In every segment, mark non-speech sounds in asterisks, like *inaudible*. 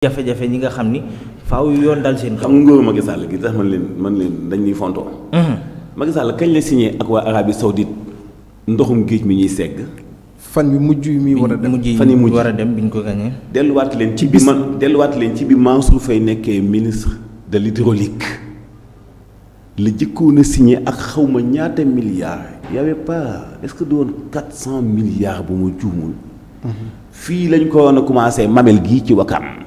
jafé jafé ñi nga xamni faaw yu yoon dal seen. xam nga nguuru Macky Sall gi tax man leen man leen dañ ñuy fontoo. Mhm. Macky Sall kañ la signé ak wa Arabie Saoudite ndoxum geej mi ñuy ségg fan bi mujj yi mi wara dem fan yu mujj war dem biñ ko gagné. delu wat leen ci bi man wat leen ci bi Mansour Faye nekkee ministre de l'hydraulique le jikko a signé ak xawma ñaata milliards. y avait pas est-ce que doon 400 milliards bu mu juumul. Mhm. fii lañ ko wona commencé mamel gi ci Wakam.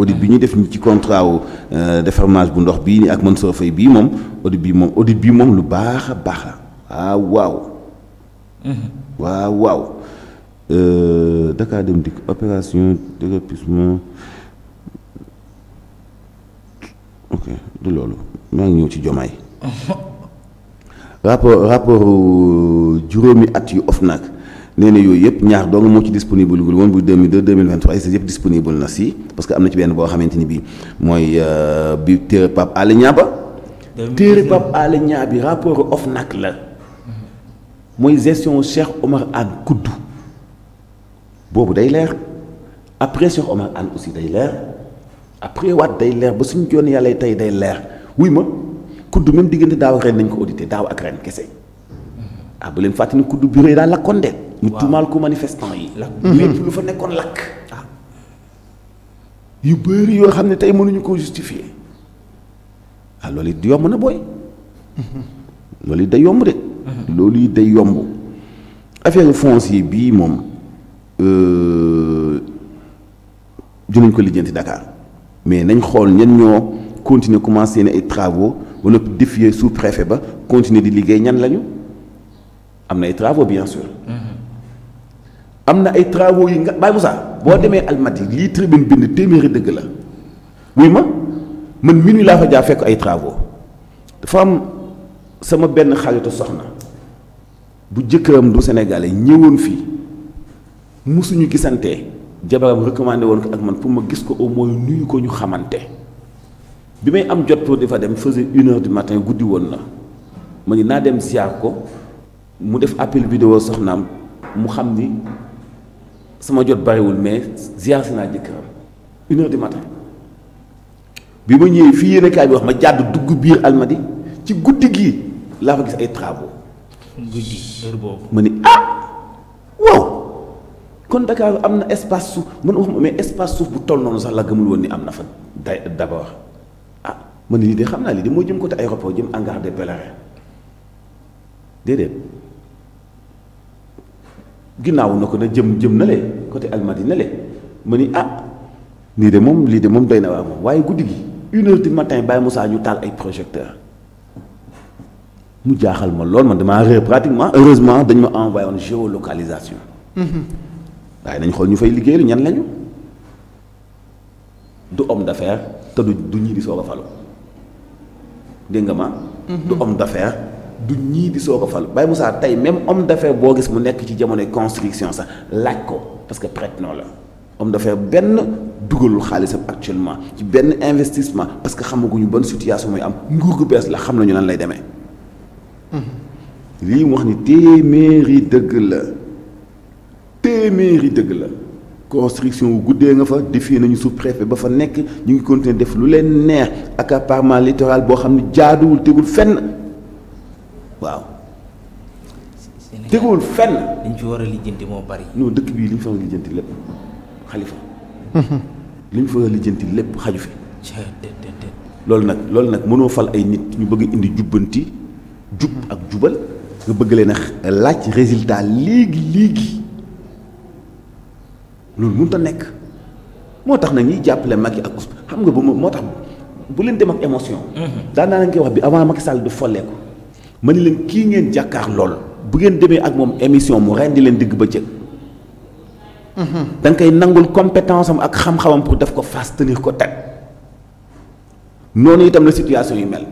au bi ñu def ci contrat de euh, défermage bu ndox ni ak Mansour Faye bii moom audit bi mom audit bi mom lu baax a baax la ah, waaw waaw. Mm-hmm. Ah, waaw euh Dakar Dem dik opération déguerpissement ok du lolu ma ngi ñew ci Jomaay. *laughs* rapport rapport euh, juróomi at yu OFNAC nee na yooyu yëpp ñaar dong moo ci disponible gul woon bu 2002 2023 et c'est yëpp disponible na si parce que am na ci benn boo xamante ni bii mooy euh, bi téere Pape Alé Niang ba téere Pape Alé Niang bi rapport la mooy gestion Cheikh Omar Anne Kuddu boobu day leer après Cheikh Omar Anne aussi day leer après waat day leer ba suñu joon yàlla tey day leer wuy ma kudd même diggante daaw ak ren nañ ko audité daaw ak ren kese ah bu leen fàttali ni kudd bi rëy daa la de nous tuumaal ko manifestant yi. Mhm. fa nekkon Nous ah. yu beuri yo xamne tay mënuñu ko justifier ah, na mhm. day mhm. day affaire foncier euh, ko Dakar mais nañ xol ñen ñoo continuer ay travaux sous préfet ba continuer di ñan lañu travaux bien sûr. am na ay travaux yi nga bàyyi Moussa boo hmm. demee Almadi lii tribune bind téeméeri dëgg la wuy ma man minuit laa fa jaa fekk ay travaux dafa am sama benn xaritu soxna bu jëkkëram du sénégalais ñëwoon fii musuñu gisantee jabaram recommandé woon ko ak man pour ma gis ko au moins nuyu ko ñu xamante bi may am jot dafa dem faisait une heure du matin guddi woon na ma ni naa dem ziar ko mu def appel vidéo soxnaam mu xam ni sama jot bariwul mais ziar si naa une heure du matin bi ma ñëwee fii yéen kaay bi wax ma jàdd biir almadi ci guddi gi laa fa gis ay travaux. ah wow. kon Dakar Je espace suuf wax mais espace suuf bu toll noonu sax la gëmul woon ni fa d'abord ah de xam naa aéroport jëm nako na jëm jëm na côté ni ah de dit de na une heure du matin Baye Moussa ñu tal projecteur mu jaaxal ma lool man pratiquement heureusement dañ ma envoyé géolocalisation. Mm-hmm. waaye nañ ñu fay homme d'affaires te du mm-hmm. d'affaires du ñii di soog a fal Baye Moussa tey même homme d'affaires boo gis mu nekk ci jamonoy construction ça. laaj ko parce que prête noo la homme d'affaires benn dugalul xaalisam actuellement ci ben investissement parce que xamaguñu ban situation mooy am nguur gu bees la xam nañu nan lay demee. lii mu wax ni téeméeri dëgg la téeméeri dëgg la construction wu guddee nga fa defee nañu sous-préfet ba fa nekk ñu ngi continuer def lu leen neex accaparement littoral boo xam ne jaaduwul tegul fenn. waaw. teguwul fenn. liñ fi war a lijjanti moo bari. non dëkk bii liñ fa war a lijjanti lépp xalifa. *laughs* liñ fa war a lijjanti lépp xaju fi. loolu nag loolu nag mënoo fal ay nit ñu bëgg indi jubbanti jub ak jubal nga bëgg leen a laaj résultat léegi léegi loolu mënut a nekk moo tax nag ñuy jàppale mag yi ak xam nga ba moo tax bu leen dem ak émotion. daan naa leen koy wax bi avant Macky Sall du folleeku. ma ni leen kii ngeen jàkkaar lool bu ngeen demee ak moom émission mu rendi leen digg ba cëg mhm. da nga koy nangul compétence am ak xam-xamam pour def ko face tenir ko teg noonu itam la situation yi mel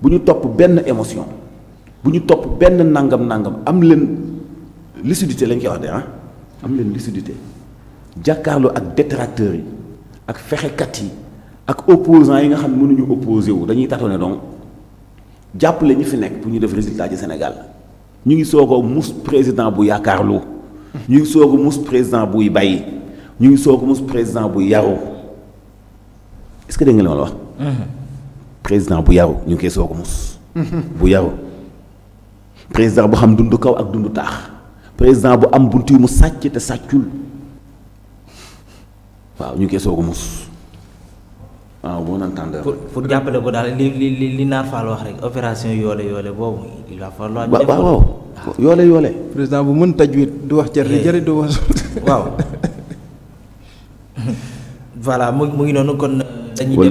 bu ñu topp benn émotion bu ñu topp benn nangam nangam am leen lucidité lañ koy wax de ah am leen lucidité jàkkaarloo ak détracteurs yi ak fexekat yi ak opposants yi nga xam ne mënuñu opposé wu dañuy tâtonner donc jàppale ñu fi nekk pour ñu def résultat ci Sénégal ñu ngi soog a mus président bu yaakaarlu ñu ngi soog a mus président buy bàyyi ñu ngi soog a mus président bu yaru est que dégg nga li mhm. président bu yaru ñu ngi koy soog a mus. bu yaru président bu xam dund kaw ak dund taax président bu am bunt yi mu sàcc te sàccul waaw ñu ngi koy soog a mus. en ah, bon entendeur. pour jàppale ko daal li li li naar Fall wax rek opération yoole yoole boobu waaw waaw ah. yoole yoole. président bu mën tajwid du wax jërë eh. jërë du wax. waaw *laughs* voilà mu ngi noonu kon. dañuy